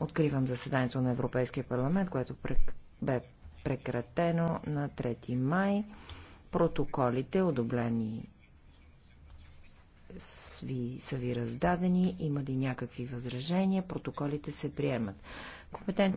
Откривам заседанието на Европейския парламент, което бе прекратено на 3 май. Протоколите, одобрени са ви раздадени. Има ли някакви възражения? Протоколите се приемат. Компетент